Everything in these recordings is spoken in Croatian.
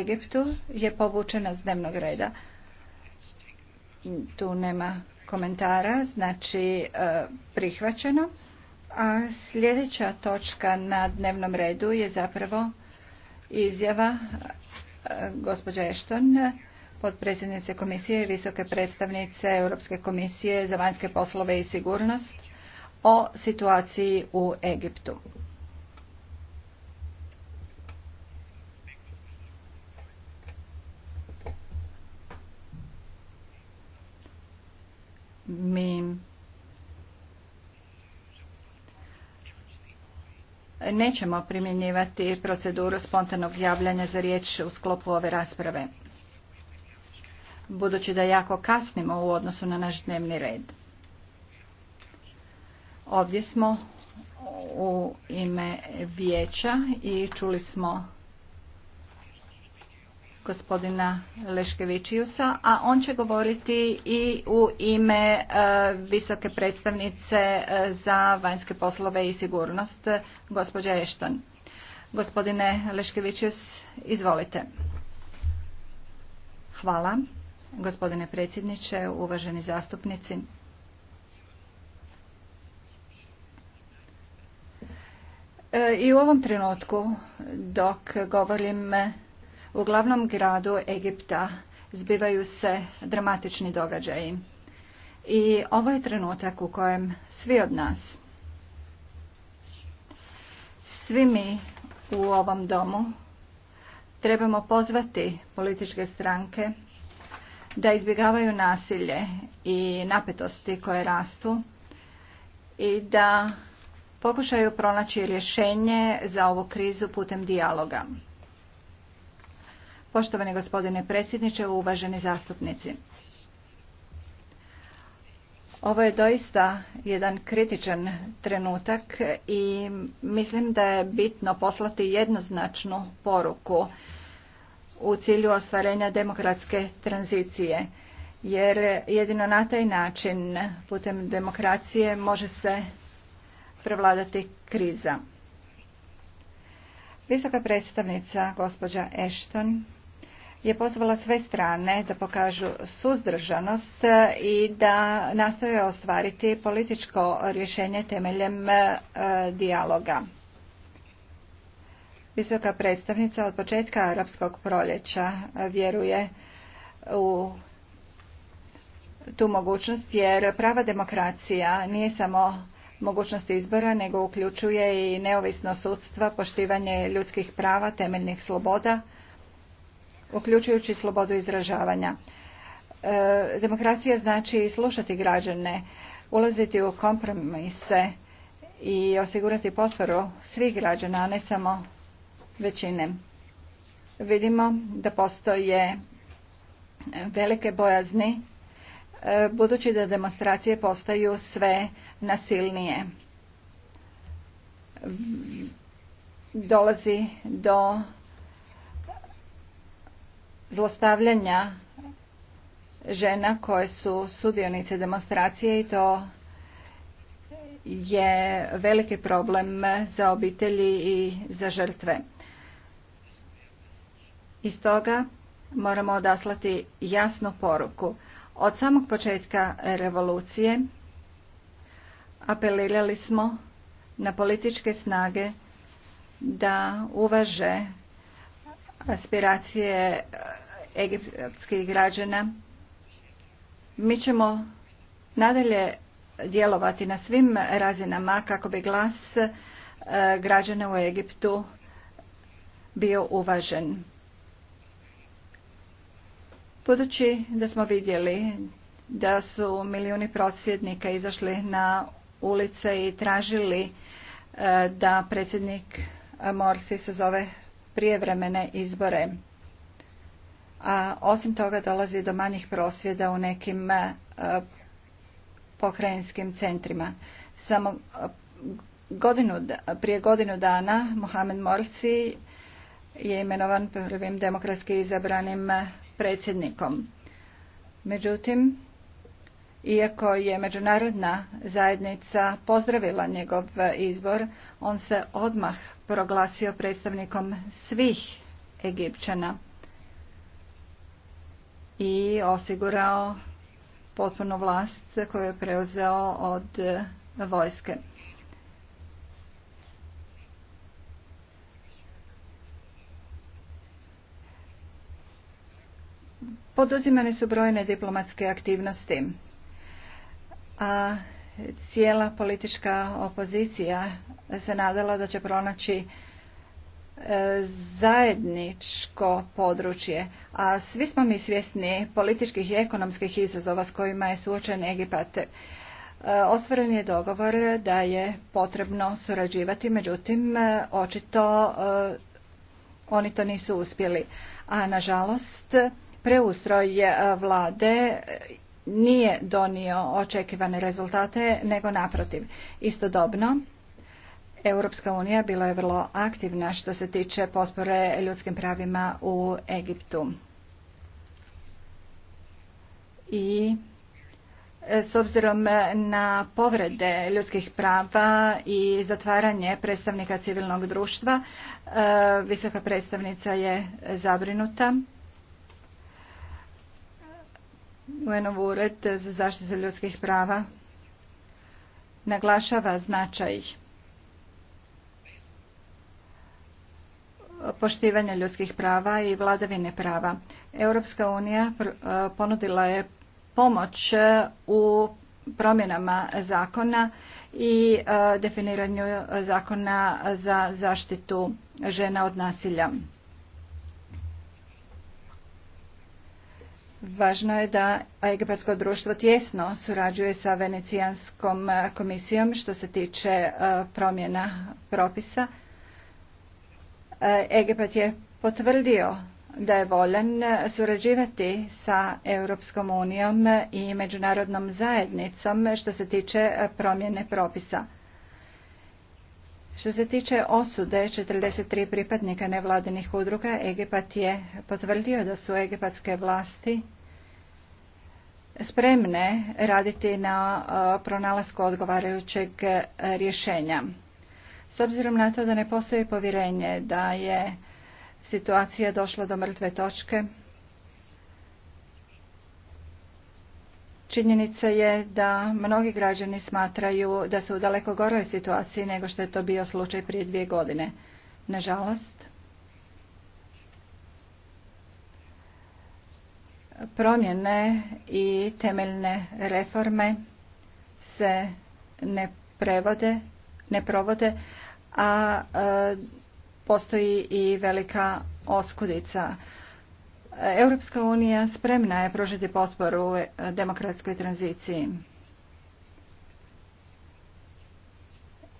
Egiptu je povučena s dnevnog reda. Tu nema komentara, znači e, prihvaćeno. A sljedeća točka na dnevnom redu je zapravo izjava e, gospođa Ešton, potpredsjednice komisije i visoke predstavnice Europske komisije za vanjske poslove i sigurnost o situaciji u Egiptu. mi nećemo primjenjivati proceduru spontanog javljanja za riječ u sklopu ove rasprave, budući da jako kasnimo u odnosu na naš dnevni red. Ovdje smo u ime vijeća i čuli smo gospodina Leškevičijusa, a on će govoriti i u ime e, visoke predstavnice e, za vanjske poslove i sigurnost, gospođa Ešton. Gospodine Leškevičius, izvolite. Hvala, gospodine predsjedniče, uvaženi zastupnici. E, I u ovom trenutku, dok govorim u glavnom gradu Egipta zbivaju se dramatični događaji. I ovo je trenutak u kojem svi od nas, svi mi u ovom domu, trebamo pozvati političke stranke da izbjegavaju nasilje i napetosti koje rastu i da pokušaju pronaći rješenje za ovu krizu putem dijaloga. Poštovani gospodine predsjedniče, uvaženi zastupnici. Ovo je doista jedan kritičan trenutak i mislim da je bitno poslati jednoznačnu poruku u cilju ostvarenja demokratske tranzicije jer jedino na taj način putem demokracije može se prevladati kriza. Visoka predstavnica gospođa Ashton je pozvala sve strane da pokažu suzdržanost i da nastoje ostvariti političko rješenje temeljem e, dijaloga. Visoka predstavnica od početka arapskog proljeća e, vjeruje u tu mogućnost jer prava demokracija nije samo mogućnost izbora nego uključuje i neovisno sudstva, poštivanje ljudskih prava, temeljnih sloboda uključujući slobodu izražavanja. E, demokracija znači slušati građane, ulaziti u kompromise i osigurati potporu svih građana, a ne samo većine. Vidimo da postoje velike bojazni e, budući da demonstracije postaju sve nasilnije. Dolazi do zlostavljanja žena koje su sudionice demonstracije i to je veliki problem za obitelji i za žrtve. I stoga moramo odaslati jasnu poruku. Od samog početka revolucije apelirali smo na političke snage da uvaže aspiracije e, egipatskih građana. Mi ćemo nadalje djelovati na svim razinama kako bi glas e, građana u Egiptu bio uvažen. Budući da smo vidjeli da su milijuni prosvjednika izašli na ulice i tražili e, da predsjednik Morsi zove prijevremene izbore. A osim toga dolazi do manjih prosvjeda u nekim e, pokrajinskim centrima. Samo e, godinu, prije godinu dana Mohamed Morsi je imenovan prvim demokratski izabranim e, predsjednikom. Međutim, iako je međunarodna zajednica pozdravila njegov izbor, on se odmah proglasio predstavnikom svih Egipćana i osigurao potpunu vlast koju je preuzeo od vojske. Poduzimane su brojne diplomatske aktivnosti a cijela politička opozicija se nadala da će pronaći e, zajedničko područje, a svi smo mi svjesni političkih i ekonomskih izazova s kojima je suočen Egipat. E, ostvaren je dogovor da je potrebno surađivati, međutim, e, očito oni to nisu uspjeli. A nažalost, preustroj vlade nije donio očekivane rezultate, nego naprotiv. Istodobno, Europska unija bila je vrlo aktivna što se tiče potpore ljudskim pravima u Egiptu. I s obzirom na povrede ljudskih prava i zatvaranje predstavnika civilnog društva, e, visoka predstavnica je zabrinuta un ured za zaštitu ljudskih prava naglašava značaj poštivanja ljudskih prava i vladavine prava. Europska unija e, ponudila je pomoć u promjenama zakona i e, definiranju zakona za zaštitu žena od nasilja. Važno je da egipatsko društvo tjesno surađuje sa Venecijanskom e, komisijom što se tiče e, promjena propisa. E, Egipat je potvrdio da je voljen surađivati sa Europskom unijom i međunarodnom zajednicom što se tiče promjene propisa. Što se tiče osude 43 pripadnika nevladinih udruga, Egipat je potvrdio da su egipatske vlasti spremne raditi na e, pronalasku odgovarajućeg e, rješenja. S obzirom na to da ne postoji povjerenje da je situacija došla do mrtve točke, Činjenica je da mnogi građani smatraju da su u daleko goroj situaciji nego što je to bio slučaj prije dvije godine. Nažalost, promjene i temeljne reforme se ne prevode, ne provode, a e, postoji i velika oskudica. Europska unija spremna je pružiti potporu demokratskoj tranziciji.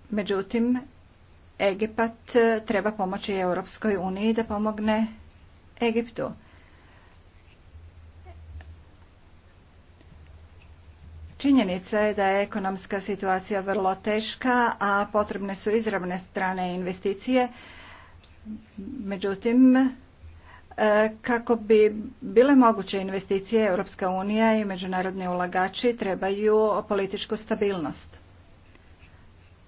Međutim, Egipat treba pomoći Europskoj uniji da pomogne Egiptu. Činjenica je da je ekonomska situacija vrlo teška, a potrebne su izravne strane investicije. Međutim, e, kako bi bile moguće investicije, Europska unija i međunarodni ulagači trebaju političku stabilnost.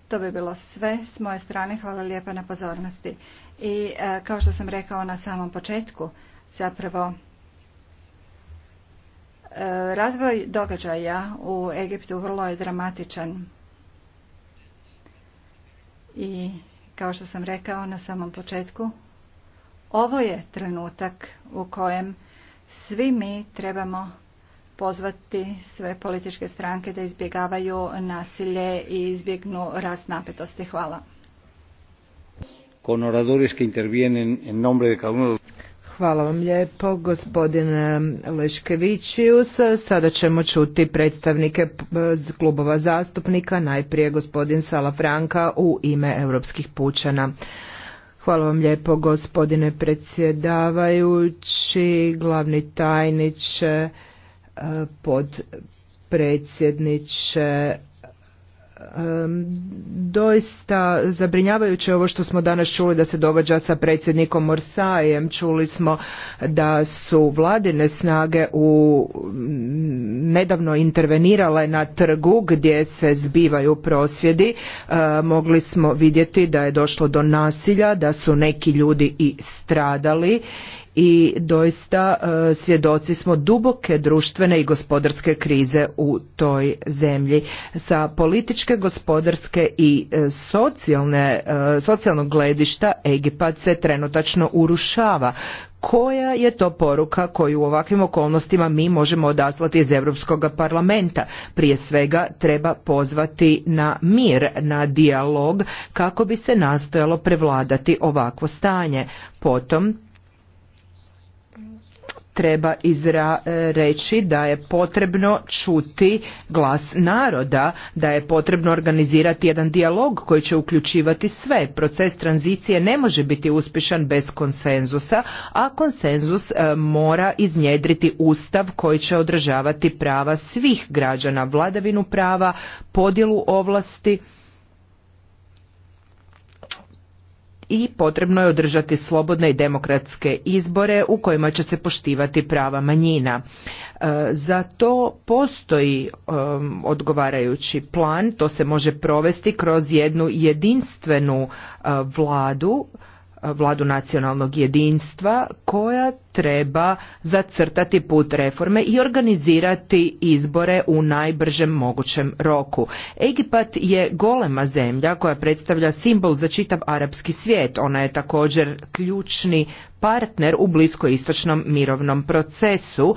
To bi bilo sve s moje strane. Hvala lijepa na pozornosti. I e, kao što sam rekao na samom početku, zapravo Razvoj događaja u Egiptu vrlo je dramatičan i kao što sam rekao na samom početku, ovo je trenutak u kojem svi mi trebamo pozvati sve političke stranke da izbjegavaju nasilje i izbjegnu rast napetosti. Hvala. intervienen nombre Hvala vam lijepo, gospodin e, Leškevićius. Sada ćemo čuti predstavnike e, klubova zastupnika, najprije gospodin Salafranka u ime europskih pučana. Hvala vam lijepo, gospodine predsjedavajući, glavni tajniče, e, pod predsjedniče doista zabrinjavajuće ovo što smo danas čuli da se događa sa predsjednikom Morsajem. Čuli smo da su vladine snage u nedavno intervenirale na trgu gdje se zbivaju prosvjedi. mogli smo vidjeti da je došlo do nasilja, da su neki ljudi i stradali i doista e, svjedoci smo duboke društvene i gospodarske krize u toj zemlji. Sa političke, gospodarske i e, socijalne, e, socijalnog gledišta Egipat se trenutačno urušava. Koja je to poruka koju u ovakvim okolnostima mi možemo odaslati iz Europskog parlamenta? Prije svega treba pozvati na mir, na dijalog kako bi se nastojalo prevladati ovakvo stanje. Potom treba izra e, reći da je potrebno čuti glas naroda, da je potrebno organizirati jedan dijalog koji će uključivati sve. Proces tranzicije ne može biti uspješan bez konsenzusa, a konsenzus e, mora iznjedriti ustav koji će održavati prava svih građana, vladavinu prava, podjelu ovlasti i potrebno je održati slobodne i demokratske izbore u kojima će se poštivati prava manjina. E, za to postoji e, odgovarajući plan, to se može provesti kroz jednu jedinstvenu e, vladu vladu nacionalnog jedinstva koja treba zacrtati put reforme i organizirati izbore u najbržem mogućem roku. Egipat je golema zemlja koja predstavlja simbol za čitav arapski svijet. Ona je također ključni partner u bliskoistočnom mirovnom procesu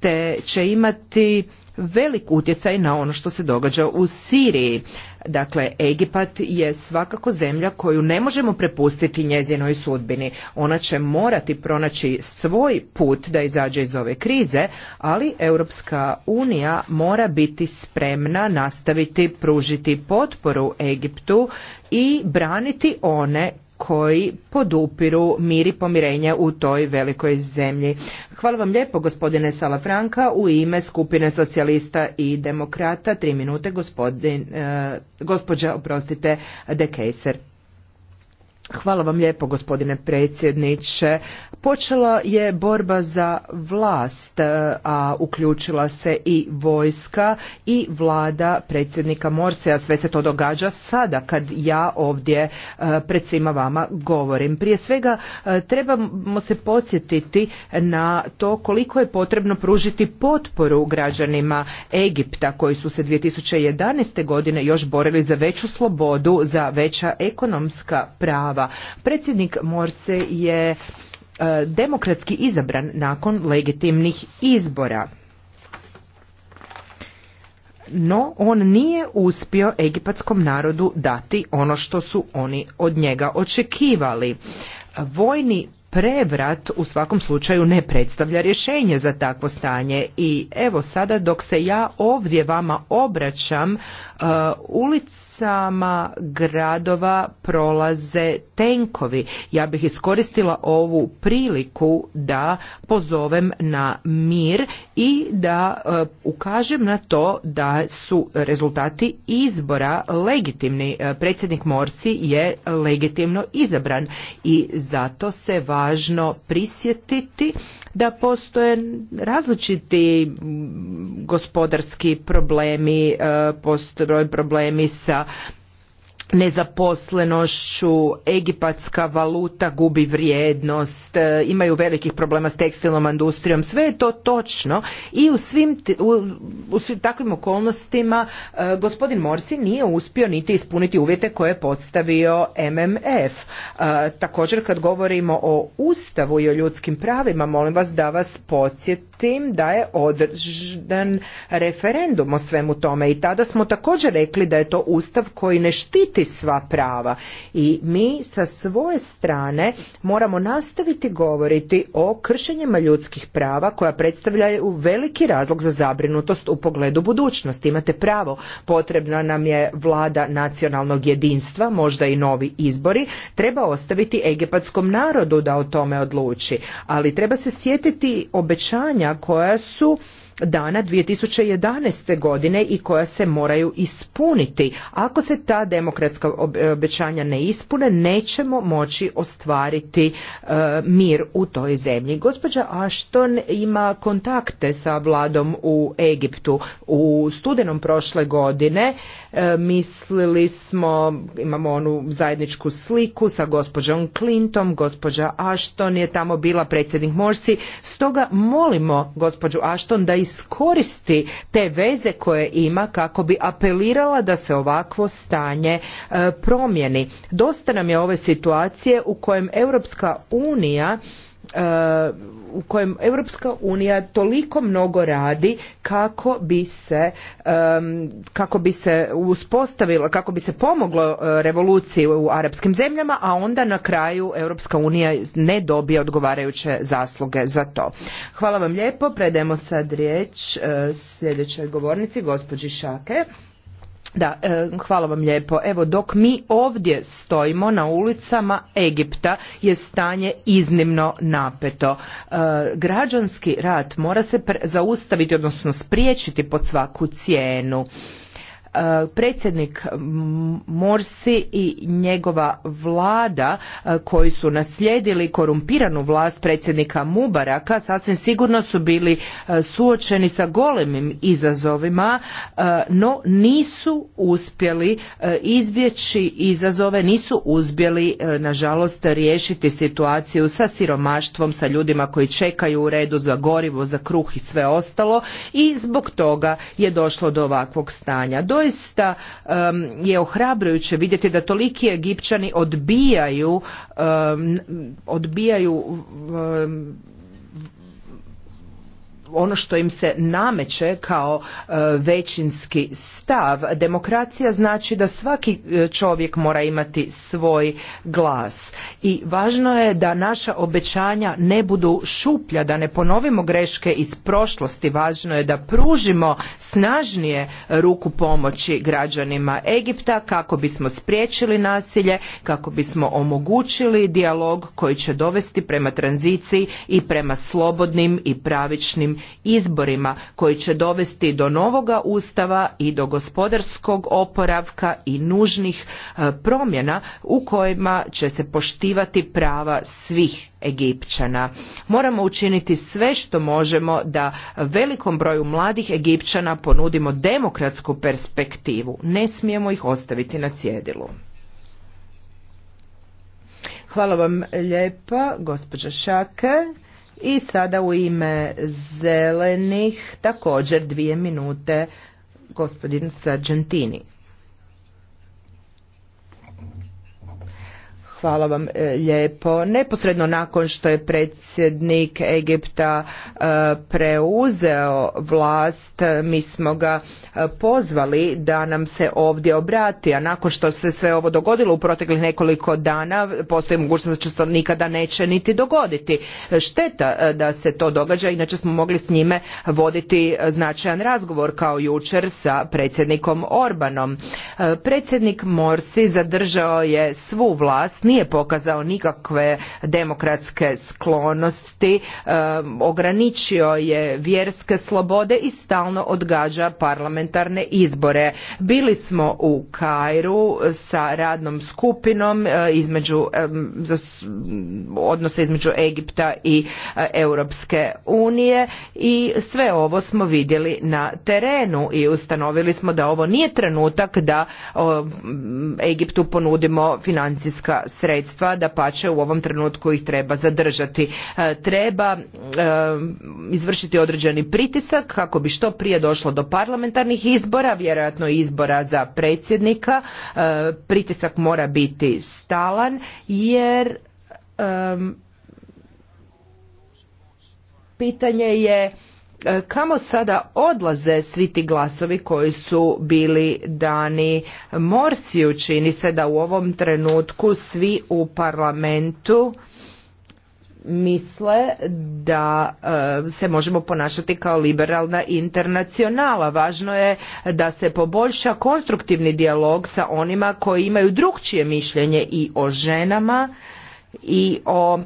te će imati velik utjecaj na ono što se događa u Siriji. Dakle, Egipat je svakako zemlja koju ne možemo prepustiti njezinoj sudbini. Ona će morati pronaći svoj put da izađe iz ove krize, ali Europska unija mora biti spremna nastaviti pružiti potporu Egiptu i braniti one koji podupiru mir i pomirenje u toj velikoj zemlji. Hvala vam lijepo gospodine Salafranka u ime skupine socijalista i demokrata. Tri minute gospodin, eh, gospođa, oprostite, de Kejser. Hvala vam lijepo gospodine predsjedniče. Počela je borba za vlast, e, a uključila se i vojska i vlada predsjednika Morseja. Sve se to događa sada kad ja ovdje e, pred svima vama govorim. Prije svega e, trebamo se podsjetiti na to koliko je potrebno pružiti potporu građanima Egipta koji su se 2011. godine još borili za veću slobodu, za veća ekonomska prava Predsjednik Morse je e, demokratski izabran nakon legitimnih izbora. No, on nije uspio egipatskom narodu dati ono što su oni od njega očekivali. Vojni prevrat u svakom slučaju ne predstavlja rješenje za takvo stanje i evo sada dok se ja ovdje vama obraćam uh, ulicama gradova prolaze tenkovi ja bih iskoristila ovu priliku da pozovem na mir i da uh, ukažem na to da su rezultati izbora legitimni uh, predsjednik Morsi je legitimno izabran i zato se va važno prisjetiti da postoje različiti gospodarski problemi, e, postoje problemi sa nezaposlenošću, egipatska valuta gubi vrijednost, e, imaju velikih problema s tekstilnom industrijom, sve je to točno i u svim, u, svim takvim okolnostima e, gospodin Morsi nije uspio niti ispuniti uvjete koje je podstavio MMF. E, također kad govorimo o Ustavu i o ljudskim pravima, molim vas da vas podsjetim tim da je održan referendum o svemu tome i tada smo također rekli da je to ustav koji ne štiti sva prava i mi sa svoje strane moramo nastaviti govoriti o kršenjima ljudskih prava koja predstavljaju veliki razlog za zabrinutost u pogledu budućnosti. Imate pravo, potrebna nam je vlada nacionalnog jedinstva, možda i novi izbori, treba ostaviti egipatskom narodu da o tome odluči, ali treba se sjetiti obećanja koja su dana 2011. godine i koja se moraju ispuniti. Ako se ta demokratska obećanja ne ispune, nećemo moći ostvariti e, mir u toj zemlji. Gospođa Ashton ima kontakte sa vladom u Egiptu. U studenom prošle godine E, mislili smo, imamo onu zajedničku sliku sa gospođom Clintom, gospođa Ashton je tamo bila predsjednik Morsi, stoga molimo gospođu Ashton da iskoristi te veze koje ima kako bi apelirala da se ovakvo stanje e, promijeni. Dosta nam je ove situacije u kojem Europska unija E, u kojem Europska unija toliko mnogo radi kako bi se e, kako bi se uspostavilo kako bi se pomoglo e, revoluciji u arapskim zemljama a onda na kraju Europska unija ne dobije odgovarajuće zasluge za to. Hvala vam lijepo, predajemo sad riječ sljedećoj govornici gospođi Šake. Da, e, hvala vam lijepo. Evo dok mi ovdje stojimo na ulicama Egipta je stanje iznimno napeto. E, građanski rat mora se zaustaviti odnosno spriječiti pod svaku cijenu. E, predsjednik Morsi i njegova vlada e, koji su naslijedili korumpiranu vlast predsjednika Mubaraka sasvim sigurno su bili e, suočeni sa golemim izazovima no nisu uspjeli izbjeći izazove nisu uspjeli nažalost riješiti situaciju sa siromaštvom sa ljudima koji čekaju u redu za gorivo za kruh i sve ostalo i zbog toga je došlo do ovakvog stanja do doista je ohrabrujuće vidjeti da toliki Egipćani odbijaju odbijaju ono što im se nameće kao e, većinski stav. Demokracija znači da svaki e, čovjek mora imati svoj glas i važno je da naša obećanja ne budu šuplja, da ne ponovimo greške iz prošlosti. Važno je da pružimo snažnije ruku pomoći građanima Egipta kako bismo spriječili nasilje, kako bismo omogućili dijalog koji će dovesti prema tranziciji i prema slobodnim i pravičnim izborima koji će dovesti do novoga ustava i do gospodarskog oporavka i nužnih e, promjena u kojima će se poštivati prava svih Egipćana. Moramo učiniti sve što možemo da velikom broju mladih Egipćana ponudimo demokratsku perspektivu. Ne smijemo ih ostaviti na cjedilu. Hvala vam lijepa, gospođa Šake. I sada u ime zelenih također dvije minute gospodin Sargentini. Hvala vam e, lijepo. Neposredno nakon što je predsjednik Egipta e, preuzeo vlast, mi smo ga e, pozvali da nam se ovdje obrati, a nakon što se sve ovo dogodilo u proteklih nekoliko dana, postoji mogućnost da se to nikada neće niti dogoditi. Šteta da se to događa, inače smo mogli s njime voditi značajan razgovor kao jučer sa predsjednikom Orbanom. Predsjednik Morsi zadržao je svu vlast nije pokazao nikakve demokratske sklonosti, e, ograničio je vjerske slobode i stalno odgađa parlamentarne izbore. Bili smo u Kairu sa radnom skupinom e, između e, između Egipta i Europske unije i sve ovo smo vidjeli na terenu i ustanovili smo da ovo nije trenutak da Egiptu ponudimo financijska sredstva da pače u ovom trenutku ih treba zadržati. E, treba e, izvršiti određeni pritisak kako bi što prije došlo do parlamentarnih izbora, vjerojatno izbora za predsjednika. E, pritisak mora biti stalan jer pitanje je E, kamo sada odlaze svi ti glasovi koji su bili dani Morsiju? Čini se da u ovom trenutku svi u parlamentu misle da e, se možemo ponašati kao liberalna internacionala. Važno je da se poboljša konstruktivni dijalog sa onima koji imaju drugčije mišljenje i o ženama i o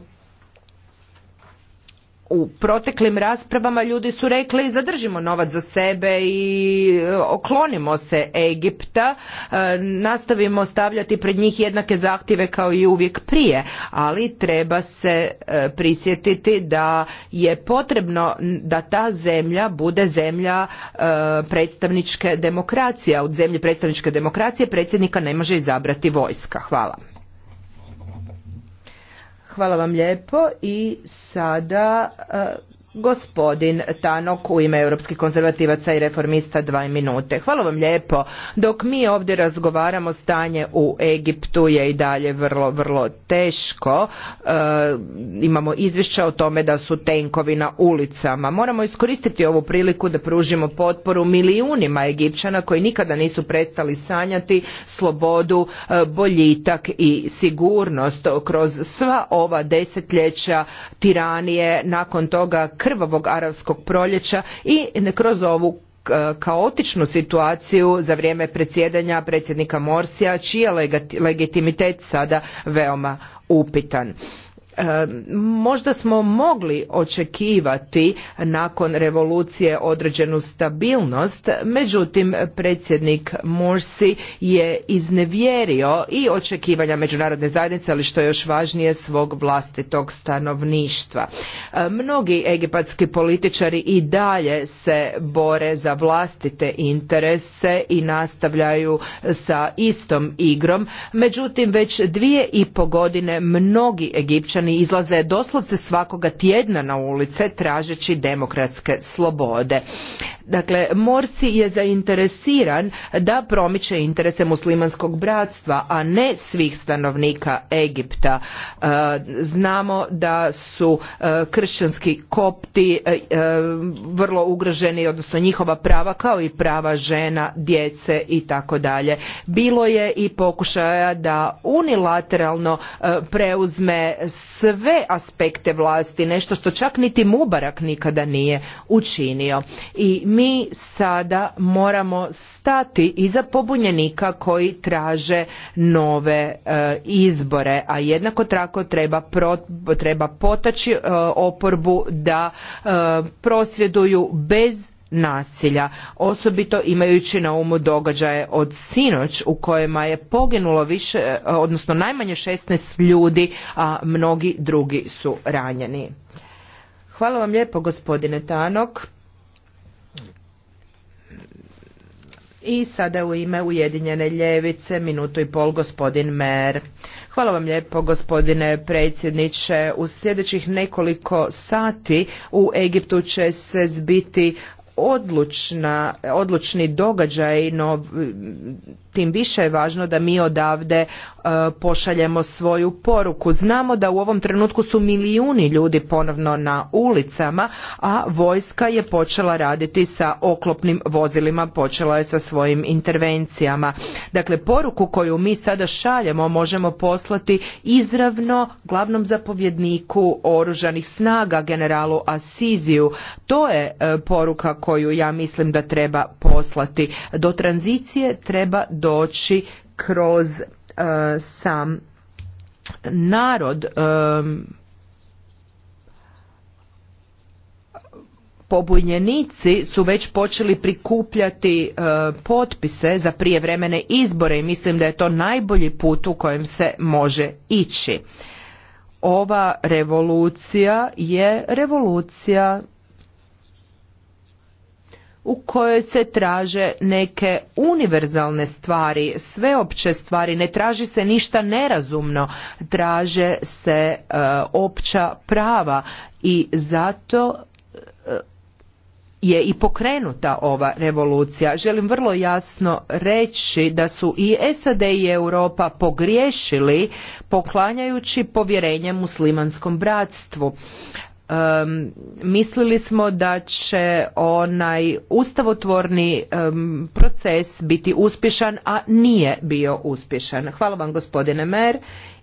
u proteklim raspravama ljudi su rekli zadržimo novac za sebe i e, oklonimo se Egipta, e, nastavimo stavljati pred njih jednake zahtjeve kao i uvijek prije, ali treba se e, prisjetiti da je potrebno da ta zemlja bude zemlja predstavničke demokracije, a u zemlji predstavničke demokracije predsjednika ne može izabrati vojska. Hvala. Hvala vam lijepo i sada e, Gospodin Tanok u ime Europskih konzervativaca i reformista dva minute. Hvala vam lijepo. Dok mi ovdje razgovaramo stanje u Egiptu je i dalje vrlo, vrlo teško. E, imamo izvješća o tome da su tenkovi na ulicama. Moramo iskoristiti ovu priliku da pružimo potporu milijunima Egipćana koji nikada nisu prestali sanjati slobodu, e, boljitak i sigurnost kroz sva ova desetljeća tiranije nakon toga krvavog arapskog proljeća i kroz ovu kaotičnu situaciju za vrijeme predsjedanja predsjednika Morsija, čiji je legitimitet sada veoma upitan možda smo mogli očekivati nakon revolucije određenu stabilnost, međutim predsjednik Morsi je iznevjerio i očekivanja međunarodne zajednice, ali što je još važnije svog vlastitog stanovništva. Mnogi egipatski političari i dalje se bore za vlastite interese i nastavljaju sa istom igrom, međutim već dvije i po godine mnogi egipćani građani izlaze doslovce svakoga tjedna na ulice tražeći demokratske slobode. Dakle, Morsi je zainteresiran da promiče interese muslimanskog bratstva, a ne svih stanovnika Egipta. E, znamo da su e, kršćanski kopti e, vrlo ugroženi, odnosno njihova prava kao i prava žena, djece i tako dalje. Bilo je i pokušaja da unilateralno preuzme sve aspekte vlasti, nešto što čak niti Mubarak nikada nije učinio. I mi sada moramo stati iza pobunjenika koji traže nove e, izbore, a jednako tako treba, pro, treba potaći e, oporbu da e, prosvjeduju bez nasilja, osobito imajući na umu događaje od sinoć u kojima je poginulo više, odnosno najmanje 16 ljudi, a mnogi drugi su ranjeni. Hvala vam lijepo gospodine Tanok. I sada u ime Ujedinjene ljevice, minutu i pol gospodin Mer. Hvala vam lijepo gospodine predsjedniče. U sljedećih nekoliko sati u Egiptu će se zbiti odlučna, odlučni događaj, no tim više je važno da mi odavde e, pošaljemo svoju poruku. Znamo da u ovom trenutku su milijuni ljudi ponovno na ulicama, a vojska je počela raditi sa oklopnim vozilima, počela je sa svojim intervencijama. Dakle, poruku koju mi sada šaljemo možemo poslati izravno glavnom zapovjedniku oružanih snaga, generalu Asiziju. To je e, poruka koju ja mislim da treba poslati. Do tranzicije treba doći kroz e, sam narod e, pobunjenici su već počeli prikupljati e, potpise za prijevremene izbore i mislim da je to najbolji put u kojem se može ići ova revolucija je revolucija u kojoj se traže neke univerzalne stvari, sveopće stvari, ne traži se ništa nerazumno, traže se e, opća prava i zato e, je i pokrenuta ova revolucija. Želim vrlo jasno reći da su i SAD i Europa pogriješili poklanjajući povjerenje muslimanskom bratstvu mislili smo da će onaj ustavotvorni proces biti uspješan, a nije bio uspješan. Hvala vam gospodine Mer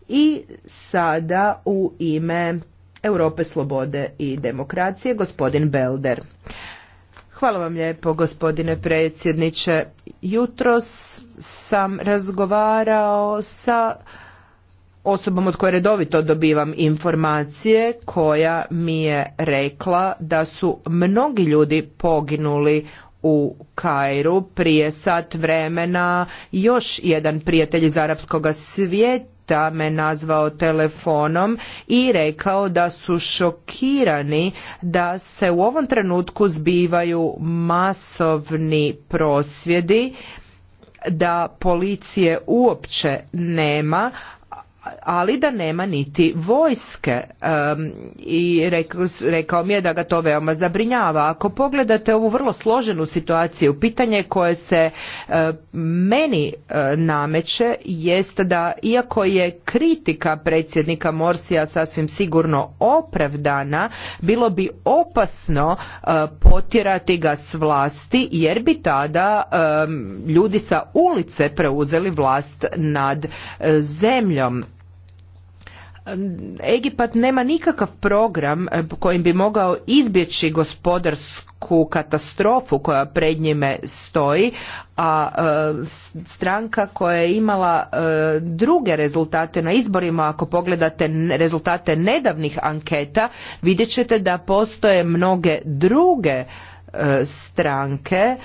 i sada u ime Europe slobode i demokracije gospodin Belder. Hvala vam lijepo gospodine predsjedniče. Jutros sam razgovarao sa osobom od koje redovito dobivam informacije koja mi je rekla da su mnogi ljudi poginuli u Kairu prije sat vremena još jedan prijatelj iz arapskog svijeta me nazvao telefonom i rekao da su šokirani da se u ovom trenutku zbivaju masovni prosvjedi da policije uopće nema ali da nema niti vojske i rekao, mi je da ga to veoma zabrinjava. Ako pogledate ovu vrlo složenu situaciju, pitanje koje se eh, meni uh, nameće jest da iako je kritika predsjednika Morsija sasvim sigurno opravdana, bilo bi opasno eh, potjerati ga s vlasti jer bi tada ljudi sa ulice preuzeli vlast nad zemljom Egipat nema nikakav program eh, kojim bi mogao izbjeći gospodarsku katastrofu koja pred njime stoji, a eh, stranka koja je imala eh, druge rezultate na izborima, ako pogledate rezultate nedavnih anketa, vidjet ćete da postoje mnoge druge stranke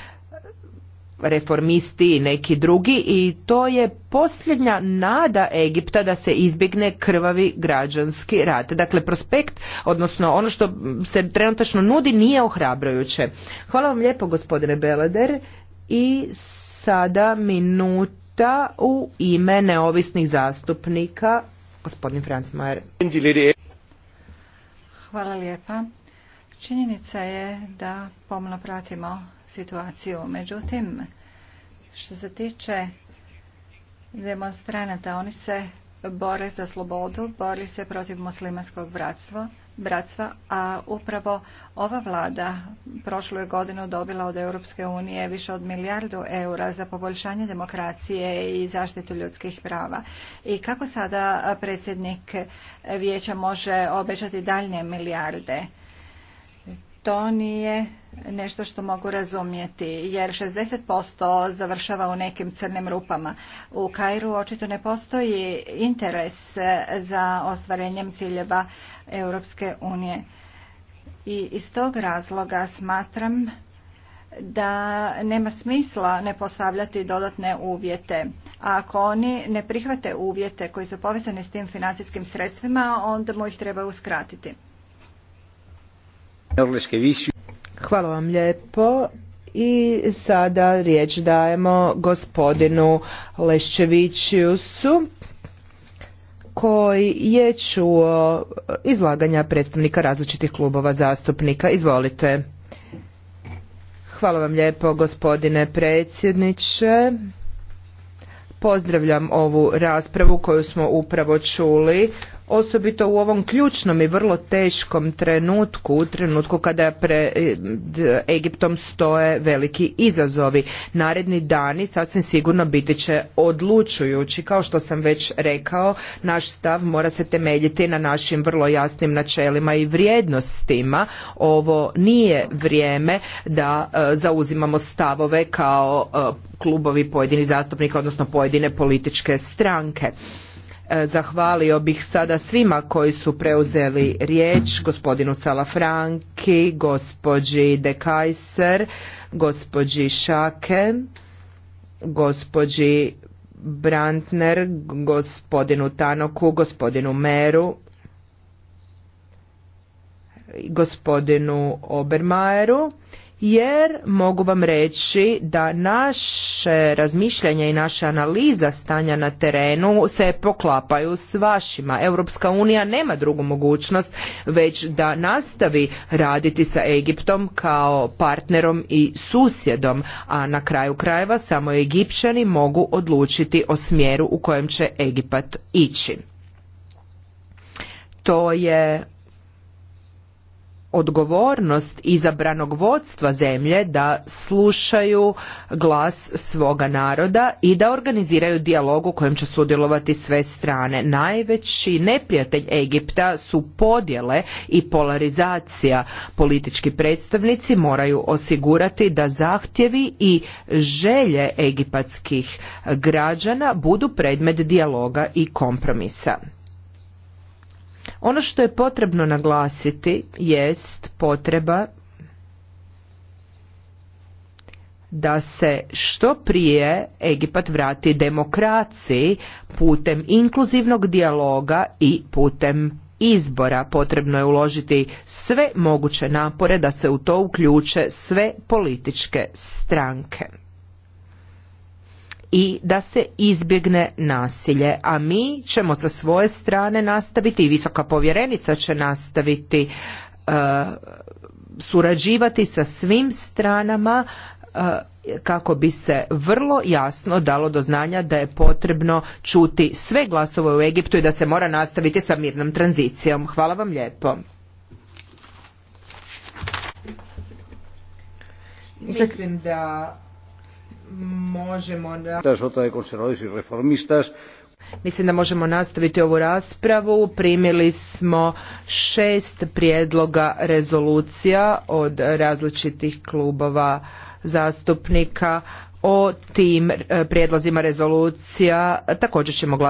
reformisti i neki drugi i to je posljednja nada Egipta da se izbjegne krvavi građanski rat. Dakle, prospekt, odnosno ono što se trenutačno nudi nije ohrabrajuće. Hvala vam lijepo gospodine Beleder i sada minuta u ime neovisnih zastupnika gospodin Franz Mayer. Hvala lijepa. Činjenica je da pomno pratimo situaciju. Međutim, što se tiče demonstranata, oni se bore za slobodu, bori se protiv muslimanskog bratstva, bratstva, a upravo ova vlada prošlu je godinu dobila od Europske unije više od milijardu eura za poboljšanje demokracije i zaštitu ljudskih prava. I kako sada predsjednik vijeća može obećati daljnje milijarde? to nije nešto što mogu razumjeti, jer 60% završava u nekim crnim rupama. U Kairu očito ne postoji interes za ostvarenjem ciljeva Europske unije. I iz tog razloga smatram da nema smisla ne postavljati dodatne uvjete. A ako oni ne prihvate uvjete koji su povezani s tim financijskim sredstvima, onda mu ih treba uskratiti. Hvala vam lijepo. I sada riječ dajemo gospodinu Leščevićiusu koji je čuo izlaganja predstavnika različitih klubova zastupnika. Izvolite. Hvala vam lijepo gospodine predsjedniče. Pozdravljam ovu raspravu koju smo upravo čuli osobito u ovom ključnom i vrlo teškom trenutku, u trenutku kada pred Egiptom stoje veliki izazovi. Naredni dani sasvim sigurno biti će odlučujući. Kao što sam već rekao, naš stav mora se temeljiti na našim vrlo jasnim načelima i vrijednostima. Ovo nije vrijeme da e, zauzimamo stavove kao e, klubovi pojedinih zastupnika, odnosno pojedine političke stranke. E, zahvalio bih sada svima koji su preuzeli riječ, gospodinu Salafranki, gospođi De Kajser, gospođi Šake, gospođi Brantner, gospodinu Tanoku, gospodinu Meru, gospodinu Obermajeru jer mogu vam reći da naše razmišljanje i naša analiza stanja na terenu se poklapaju s vašima. Europska unija nema drugu mogućnost već da nastavi raditi sa Egiptom kao partnerom i susjedom, a na kraju krajeva samo Egipćani mogu odlučiti o smjeru u kojem će Egipat ići. To je odgovornost izabranog vodstva zemlje da slušaju glas svoga naroda i da organiziraju dijalog u kojem će sudjelovati sve strane. Najveći neprijatelj Egipta su podjele i polarizacija. Politički predstavnici moraju osigurati da zahtjevi i želje egipatskih građana budu predmet dijaloga i kompromisa. Ono što je potrebno naglasiti jest potreba da se što prije Egipat vrati demokraciji putem inkluzivnog dijaloga i putem izbora. Potrebno je uložiti sve moguće napore da se u to uključe sve političke stranke i da se izbjegne nasilje. A mi ćemo sa svoje strane nastaviti i visoka povjerenica će nastaviti e, surađivati sa svim stranama e, kako bi se vrlo jasno dalo do znanja da je potrebno čuti sve glasove u Egiptu i da se mora nastaviti sa mirnom tranzicijom. Hvala vam lijepo. Mislim da možemo... Mislim da možemo nastaviti ovu raspravu. Primili smo šest prijedloga rezolucija od različitih klubova zastupnika o tim e, prijedlozima rezolucija. Također ćemo glasati.